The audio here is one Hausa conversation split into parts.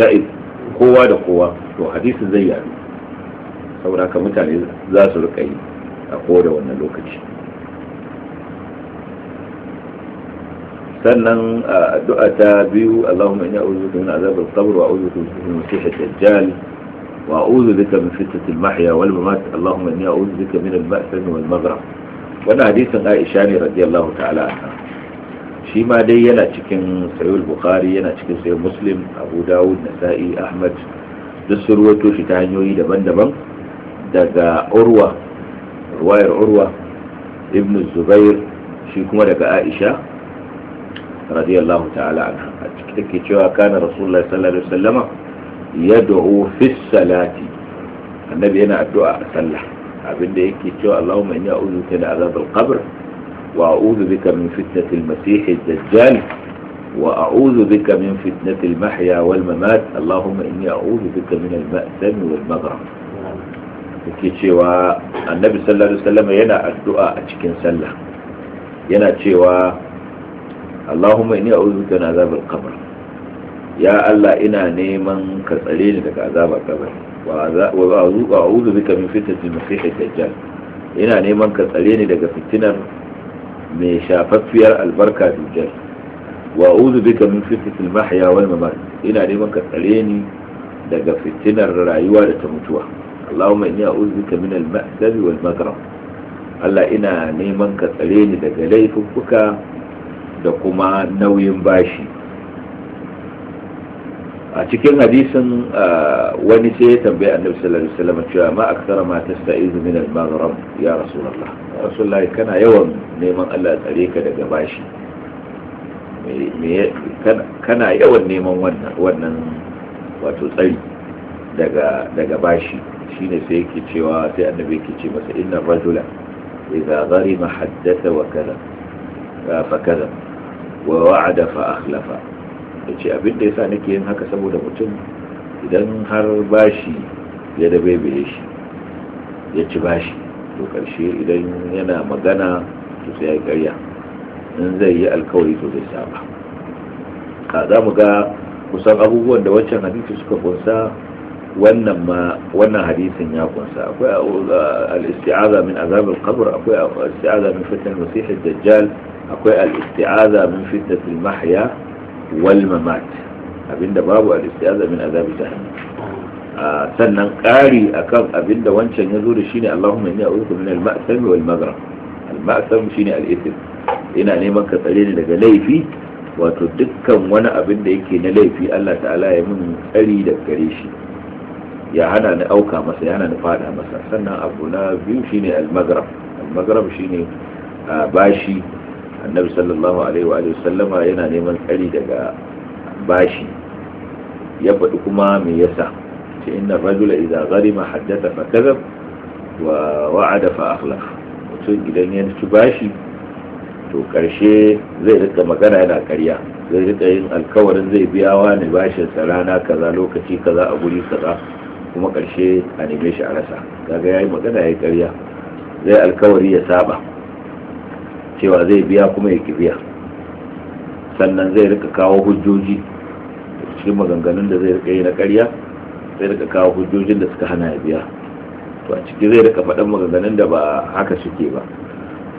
ta'id kowa da kowa to hadisi zai yaru saboda haka mutane za su rika yi a kowane wannan lokaci sannan addu'a ta biyu Allahumma inni a'udhu bika min azab al-qabr wa a'udhu bika min masih ad-dajjal wa a'udhu bika min fitnat al-mahya wal mamat Allahumma inni a'udhu bika min al-ba'th wal maghrib wannan hadisin Aisha ne radiyallahu ta'ala anha shi ma dai yana cikin sayul bukhari yana cikin sayul muslim abu dawud nasa'i ahmad duk sun ruwaito shi ta hanyoyi daban-daban daga urwa ruwayar urwa ibn zubair shi kuma daga aisha radiyallahu ta'ala anha a cikin take cewa kana rasulullahi sallallahu alaihi wasallama yad'u fi salati annabi yana addu'a a sallah abinda yake cewa allahumma inni a'udhu bika min azabil qabr وأعوذ بك من فتنة المسيح الدجال وأعوذ بك من فتنة المحيا والممات اللهم إني أعوذ بك من المأثم والمغرم كيشيوا النبي صلى الله عليه وسلم ينا الدعاء أتشكين سلة ينا تشيوا اللهم إني أعوذ بك من عذاب القبر يا الله إنا نيما كتالين لك عذاب القبر وأعوذ بك من فتنة المسيح الدجال إنا نيما كتالين لك فتنة mai shafaffiyar albarka dujjal wa uzu bika min fitnatil mahya wal mamat ina neman ka tsare ni daga fitinar rayuwa da ta mutuwa Allahumma inni a'udhu bika min al-ma'sal wal maghrab Allah ina neman ka tsare ni daga laifuffuka da kuma nauyin bashi a cikin hadisin wani sai ya tambaye annabi sallallahu alaihi wasallam cewa ma akthara ma tasta'izu min al-maghrib ya rasulullah rasulullah kana yawan neman Allah tsare ka daga bashi kana yawan neman wannan wannan wato tsari daga daga bashi shine sai yake cewa sai annabi yake ce masa inna rajula idza gharima haddatha wa kaza fa kaza wa wa'ada fa akhlafa ya ce abin da yasa nake yin haka saboda mutum idan har bashi ya da bebe shi ya ci bashi to karshe idan yana magana to sai ya karya in zai yi alkawari to zai saba ka za mu ga kusan abubuwan da wancan hadisi suka kunsa wannan ma wannan hadisin ya kunsa akwai al-isti'aza min azab al-qabr akwai al-isti'aza min fitnat al-masih ad-dajjal akwai al-isti'aza min fitnat al-mahya walmamat mamat abinda babu al-istiaza min azabi ah, sannan ƙari akan abinda wancan ya zo da shine Allahumma inni a'udhu min al-ma'sam wal maghrib al-ma'sam shine al-ithm ina neman ka tsare ni daga laifi wato dukkan wani abin da yake na laifi Allah ta'ala ya mun tsari da gare shi ya hana ni auka masa ya hana ni fada masa sannan abu na biyu shine al-maghrib al shi ne ah, bashi annabi sallallahu alaihi wa sallama yana neman tsari daga bashi ya faɗi kuma me yasa ce inna rajula idza gharima haddatha fa kadhab wa wa'ada fa akhlaf mutum idan ya ci bashi to karshe zai rika magana yana ƙarya zai rika yin alkawarin zai biya wa ne bashin sa rana kaza lokaci kaza a guri kaza kuma karshe a neme shi a rasa kaga yayi magana yayi ƙarya zai alkawari ya saba cewa zai biya kuma ya ki biya sannan zai rika kawo hujjoji cikin maganganun da zai rika yi na karya zai rika kawo hujjojin da suka hana ya biya to a ciki zai rika faɗan maganganun da ba haka suke ba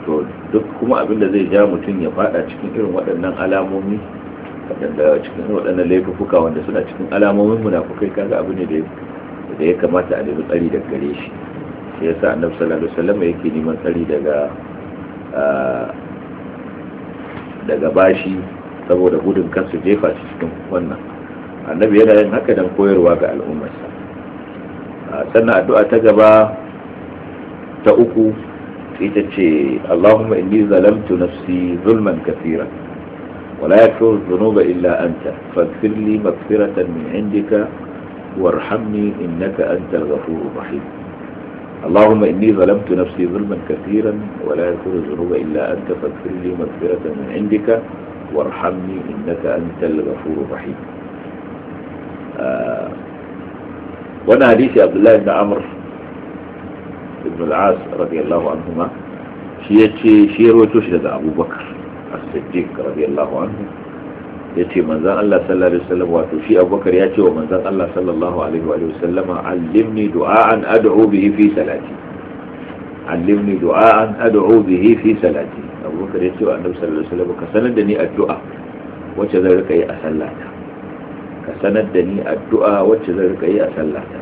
to duk kuma abin da zai ja mutum ya faɗa cikin irin waɗannan alamomi waɗanda cikin waɗannan laifuka wanda suna cikin alamomin munafukai kaga abu ne da ya kamata a nemi tsari daga gare shi sai yasa annabi sallallahu alaihi wasallam yake neman tsari daga Eh, daga bashi saboda gudun kansu jefa su cikin wannan annabi yana yin haka don koyarwa ga al'ummarsa ah, sannan addu'a ta gaba ta uku ita ce Allahumma inni zalamtu nafsi zulman kathira ولا يغفر الذنوب إلا أنت فاغفر لي min indika warhamni وارحمني إنك أنت الغفور اللهم إني ظلمت نفسي ظلما كثيرا ولا يكون الذنوب إلا أنت فاغفر لي مغفرة من عندك وارحمني إنك أنت الغفور الرحيم آه وانا حديث عبد الله بن عمرو بن العاص رضي الله عنهما شيء شيء شيء أبو بكر الصديق رضي الله عنه ya ce manzan Allah sallallahu alaihi wasallam wato shi abubakar ya ce wa manzan Allah sallallahu alaihi wa sallama allimni du'a'an ad'u bihi fi salati allimni du'a'an ad'u bihi fi salati abubakar ya ce wa annabi sallallahu alaihi wasallam ka sanar da ni addu'a wacce zan rika yi a sallata ka sanar da ni addu'a wacce zan rika yi a sallata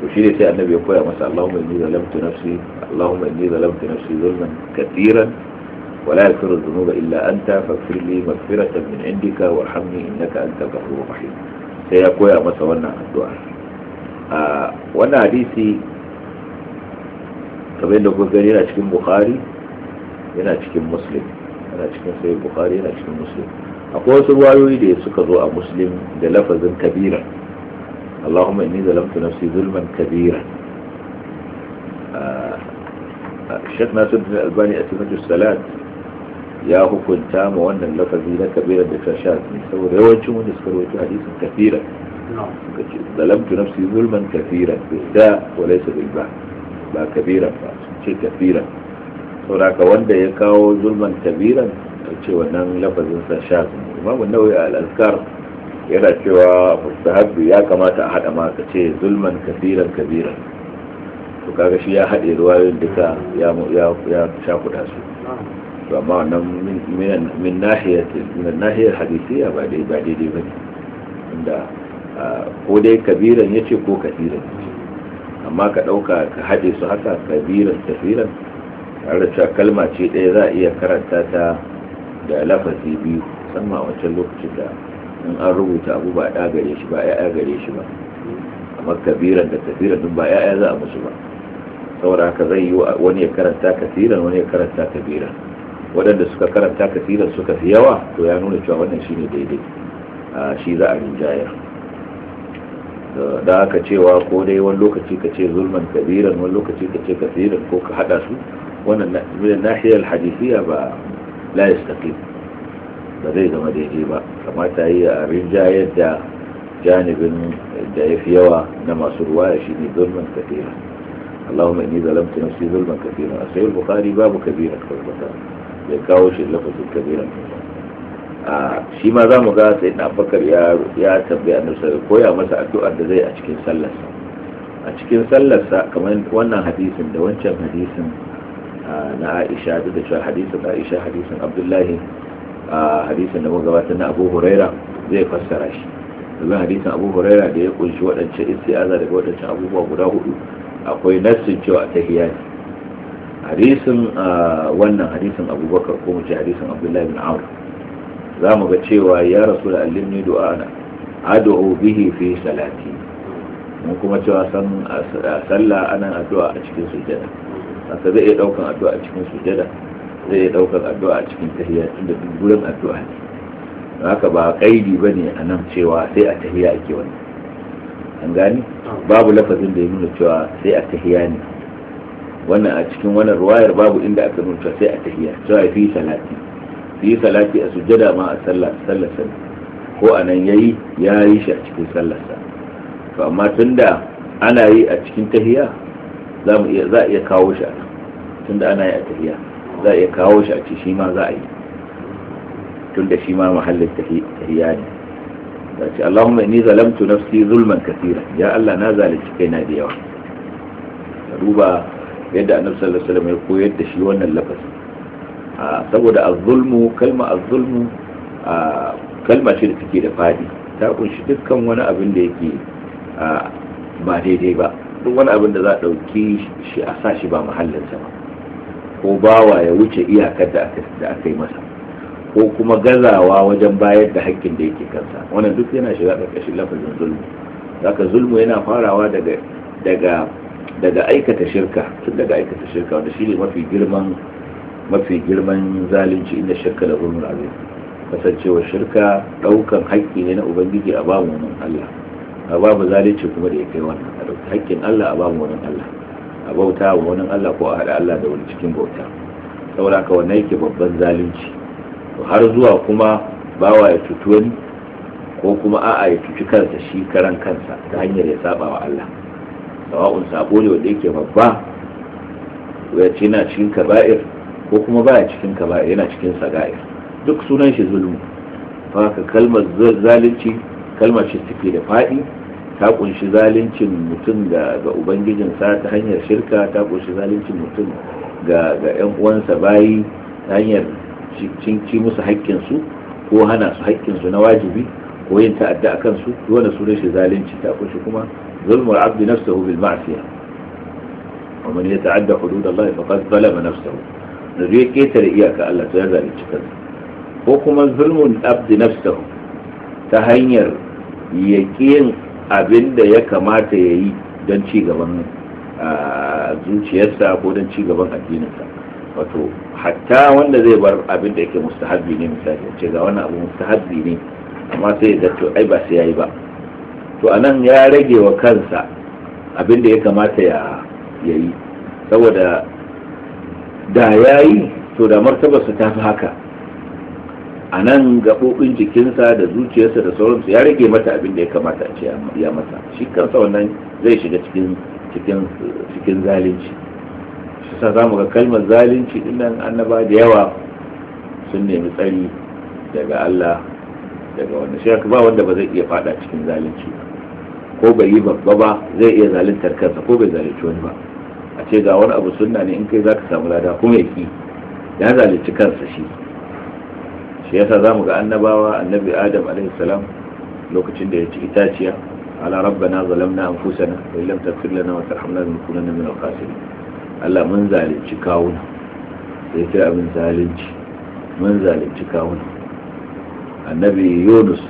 to shi ne sai annabi ya koya masa Allahumma inni zalamtu nafsi Allahumma inni zalamtu nafsi zulman katiran ولا يغفر الذنوب إلا أنت فاغفر لي مغفرة من عندك وارحمني إنك أنت الغفور الرحيم سيقول يا موسى وانا الدعاء وانا حديثي طب إنه كنت قال هنا تكون بخاري هنا تكون مسلم هنا تكون سيد بخاري هنا تكون مسلم أقول سبوا يويدي سكروا مسلم لفظا كبيرا اللهم إني ظلمت نفسي ظلما كبيرا الشيخ ناصر بن الألباني أتمنى الصلاة ya hukunta ma wannan lafazi na kabira da ta sha saboda yawancin wanda suka rawaito hadisin kafira suka ce zalamtu nafsi zulman kafira da wa laysa bil ba ba kabira ba ce kafira saboda ka wanda ya kawo zulman kabiran ce wannan lafazin sa sha imamu nawawi al-azkar yana cewa mustahabbi ya kamata a hada ma ka ce zulman kafiran kabiran to kaga shi ya haɗe ruwayoyin duka ya ya ya shafuda su to amma wannan min nahiyar hadisiya ba daidai ba ne inda ko dai kabiran ya ce ko kasiran amma ka ɗauka ka haɗe su haka kabiran tafiran tare da kalma ce ɗaya za a iya karanta ta da lafazi biyu musamman wancan lokacin da in an rubuta abu ba ɗa gare shi ba ya'ya gare shi ba amma kabiran da tafiran din ba ya'ya za a musu ba saboda haka zai yi wani ya karanta kasiran wani ya karanta kabiran waɗanda suka karanta kasirar suka fi yawa to ya nuna cewa wannan shine daidai a shi za a rinjayar da aka cewa ko dai wani lokaci ka ce zulman kabiran wani lokaci ka ce kasiran ko ka haɗa su wannan na nahiyar hadisiya ba la yastaqim ba zai zama daidai ba kamata yi a rinjayar da janibin da ya fi yawa na masu ruwa ya shi ne zulman kabiran اللهم إني ظلمت نفسي ظلما كثيرا صحيح البخاري باب كبيرة كبيرة ya kawo shi lafazin kabira a shi ma za mu ga sai na bakar ya tambaya a sallallahu koya masa addu'ar da zai a cikin sallarsa a cikin sallarsa kamar wannan hadisin da wancan hadisin na Aisha duk da cewa hadisin Aisha hadisin Abdullahi hadisin da gabata na Abu Huraira zai fassara shi domin hadisin Abu Huraira da ya kunshi waɗancan istiaza daga waɗancan abubuwa guda hudu akwai nassin cewa ta hiyani hadisin wannan hadisin abubakar ko muce hadisin abdullahi bin amr za mu ga cewa ya rasu da allimni du'ana adu'u bihi fi salati mu kuma cewa san sallah ana addu'a a cikin sujada haka zai iya daukan addu'a a cikin sujada zai iya daukan addu'a a cikin tahiyya inda duk gurin addu'a ne haka ba kaidi bane a nan cewa sai a tahiyya ake wani an gani babu lafazin da ya nuna cewa sai a tahiyya ne wannan a cikin wannan ruwayar babu inda aka nuna sai a tahiyya cewa fi salati fi salati a sujjada ma a sallah sallar ko a nan yayi ya yi shi a cikin sallar sa to amma tunda ana yi a cikin tahiya, za mu iya za iya kawo shi a tunda ana yi a tahiya, za a iya kawo shi a ci shi ma za a yi tunda shi ma mahallin tahiya ne da ce Allahumma inni zalamtu nafsi zulman kathira ya Allah na zalunci kaina da yawa duba yadda annabi sallallahu alaihi wasallam ya koyar da shi wannan lafazi saboda az-zulmu kalma az-zulmu kalma ce da take da fadi ta kunshi dukkan wani abin da yake ba daidai ba duk wani abin da za a ɗauki shi a sa shi ba mahallinsa ba ko bawa ya wuce iyakar da aka yi masa ko kuma gazawa wajen bayar da haƙƙin da yake kansa wannan duk yana shiga ƙarƙashin lafazin zulmu zaka zulmu yana farawa daga daga aikata shirka tun daga aikata shirka wanda shi ne mafi girman mafi girman zalunci inda shirka da zulmul azim kasancewa shirka daukan haƙƙi ne na ubangiji a babu wani Allah a babu zalunci kuma da ya kai wannan a dauki haƙƙin Allah a babu wani Allah a bauta wa wani Allah ko a haɗa Allah da wani cikin bauta saboda haka wannan yake babban zalunci to har zuwa kuma bawa ya cutu wani ko kuma a'a ya tutu kansa shi karan kansa ta hanyar ya saba wa Allah sawa'un sabo ne wanda yake babba ya ce na cikin kaba'ir ko kuma baya cikin kaba'ir yana cikin saga'ir duk sunan shi zulmu haka kalmar zalunci kalmar shi take da fadi ta kunshi zaluncin mutum ga sa ta hanyar shirka ta kunshi zaluncin mutum ga 'yan uwansa bayi ta hanyar ci musu haƙƙinsu ko hana su haƙƙinsu na wajibi ko yin ta'adda a kansu dole sunan shi zalunci ta kunshi kuma ظلم العبد نفسه بالمعصية ومن يتعدى حدود الله فقد ظلم نفسه نجي كيتر إياك الله تيزا لتشكل وكما ظلم العبد نفسه تهينير يكين abin ya kamata ya yi don ci gaban zuciyarsa ko don ci gaban addininsa wato hatta wanda zai bar abin da yake mustahabbi ne misali ce ga wani abu mustahabbi ne amma sai ya zato ai ba sai yayi ba to a nan ya rage wa kansa abin da ya kamata ya yi saboda da ya yi to da martaba su tafi haka a nan gaɓoɓin jikinsa da zuciyarsa da sauransu ya rage mata abin da ya kamata a ce ya mata shi kansa wannan zai shiga cikin cikin zalunci shi sa za mu ga kalmar zalunci nan annaba da yawa sun nemi tsari daga Allah daga wanda shi ba wanda ba zai iya fada cikin zalunci ba ko bai yi babba ba zai iya zaluntar kansa ko bai zalunci wani ba a ce ga wani abu sunna ne in kai za ka samu lada kuma ya ki ya zalunci kansa shi shi yasa mu ga annabawa annabi adam alaihi lokacin da ya ci itaciya ala rabbana na, anfusana wa illam taghfir lana wa tarhamna lanakunanna min al-khasirin Allah mun zalunci kawuna sai kira abin zalunci mun zalunci kawuna annabi yunus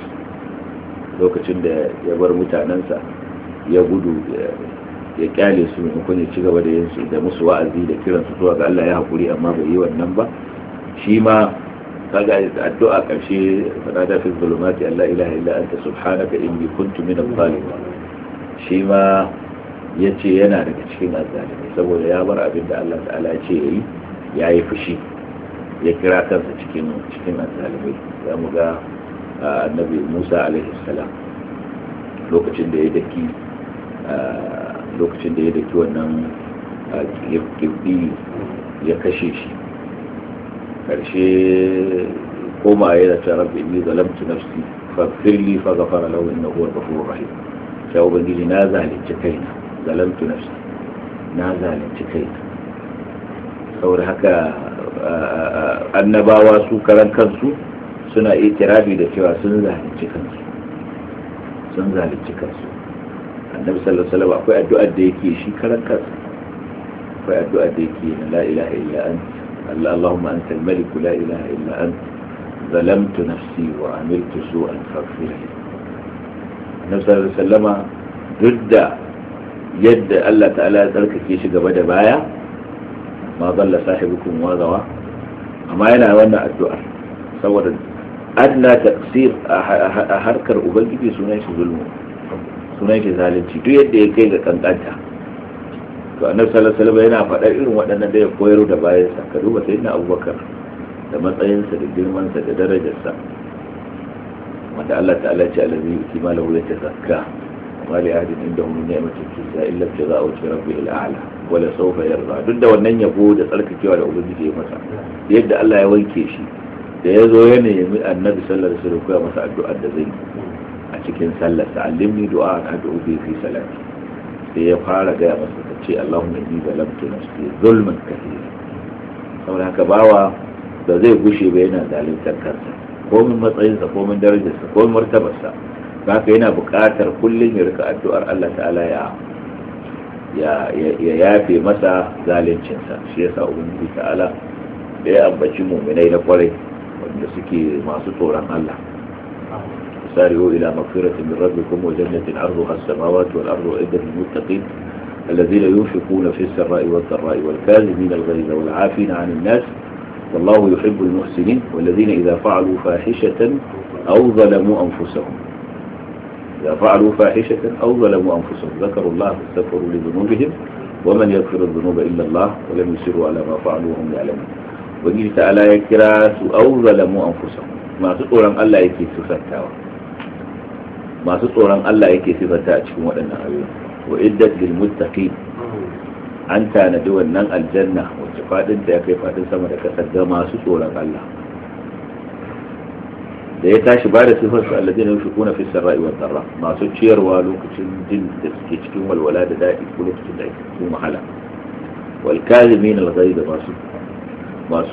lokacin da ya bar mutanensa ya gudu ya kyale su kun ya ci gaba da yin su da musu wa'azi da kiran su zuwa ga Allah ya hakuri amma bai yi wannan ba shi ma kaga addu'a karshe fada da fi zulumati Allah ilaha illa anta subhanaka inni kuntu min adh-dhalimin shi ma yace yana daga cikin azzalimai saboda ya bar abin da Allah ta'ala ya ce yayi yayi fushi ya kira kansa cikin cikin Za zamu ga annabi musa alaihi salam lokacin da ya daki lokacin da ya daki wannan kibbi ya kashe shi karshe koma yana ta rabbi ni zalamtu nafsi faghfirli faghfara lahu innahu huwal ghafurur rahim sai ubangiji na zalunci kaina zalamtu nafsi na zalunci kaina saboda haka annabawa su karan kansu suna itirafi da cewa sun zalunci kansu sun zalunci kansu annabi sallallahu alaihi wasallam akwai addu'ar da yake shi karan kansa akwai addu'ar da yake la ilaha illa anta Allah Allahumma anta al-malik la ilaha illa anta zalamtu nafsi wa amiltu su'an faghfir li annabi sallallahu alaihi wasallam duk da yadda Allah ta'ala ya tsarkake shi gaba da baya ma zalla sahibukum wa zawa amma yana wannan addu'ar saboda adna taqsir a harkar ubangiji sunan shi zulmu sunan shi zalunci duk yadda ya kai ga kankanta to annabi sallallahu alaihi yana faɗar irin waɗannan da ya koyar da bayansa ka duba sayyidina abubakar da matsayinsa da girmansa da darajarsa wanda Allah ta'ala ya ce alazi yuti malahu ya tazakka wa li ahadin indahu min ni'matin tujza illa ibtigha'a wajhi rabbil a'la wa la sawfa yarda duk da wannan yabo da tsarkakewa da ubangiji ya masa yadda Allah ya wanke shi da ya zo yana nemi annabi sallar su da koya masa addu'ar da zai a cikin sallar sa alimni du'a an haɗu ubi fi salati sai ya fara gaya masa ta ce Allahumma inni zalamtu nafsi zulman kathira saboda haka bawa da zai gushe ba yana zaluntar kansa komin matsayinsa komin darajarsa komin martabarsa haka yana buƙatar kullum ya rika addu'ar Allah ta'ala ya ya yafe masa zaluncinsa shi yasa ubangiji ta'ala da ya ambaci muminai na kwarai da suke masu tsoron Allah sari'u ila magfiratin min rabbikum wa jannatin arduha as-samawati wal ardu iddat lil muttaqin الذين ينفقون في السراء والضراء والكاذبين الغيظ والعافين عن الناس والله يحب المحسنين والذين إذا فعلوا فاحشة أو ظلموا أنفسهم إذا فعلوا فاحشة أو ظلموا أنفسهم ذكروا الله فاستغفروا لذنوبهم ومن يغفر الذنوب إلا الله ولم يسروا على ما فعلوا وهم يعلمون ubangiji ta'ala ya kira su au zalamu anfusahum masu tsoron Allah yake sifantawa masu tsoron Allah yake sifanta a cikin waɗannan ayoyi wa iddat lil muttaqin an tanadi wannan aljanna wacce fadin ta ya kai fadin sama da kasar ga masu tsoron Allah da ya tashi ba da sifar su nufi kuna fi sarra'i wa darra masu ciyarwa lokacin jin da suke cikin walwala da daɗi ko lokacin da ake cikin wahala wal kazimin al ghaiz masu masu